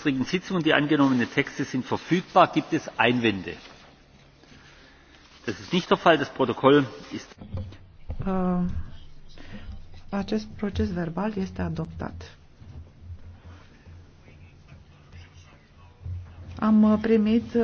gestrigen sitzung. die angenommenen texte sind verfügbar. gibt es einwände? das ist nicht der fall. das protokoll ist. Äh, acest proces verbal este adoptat. Am primit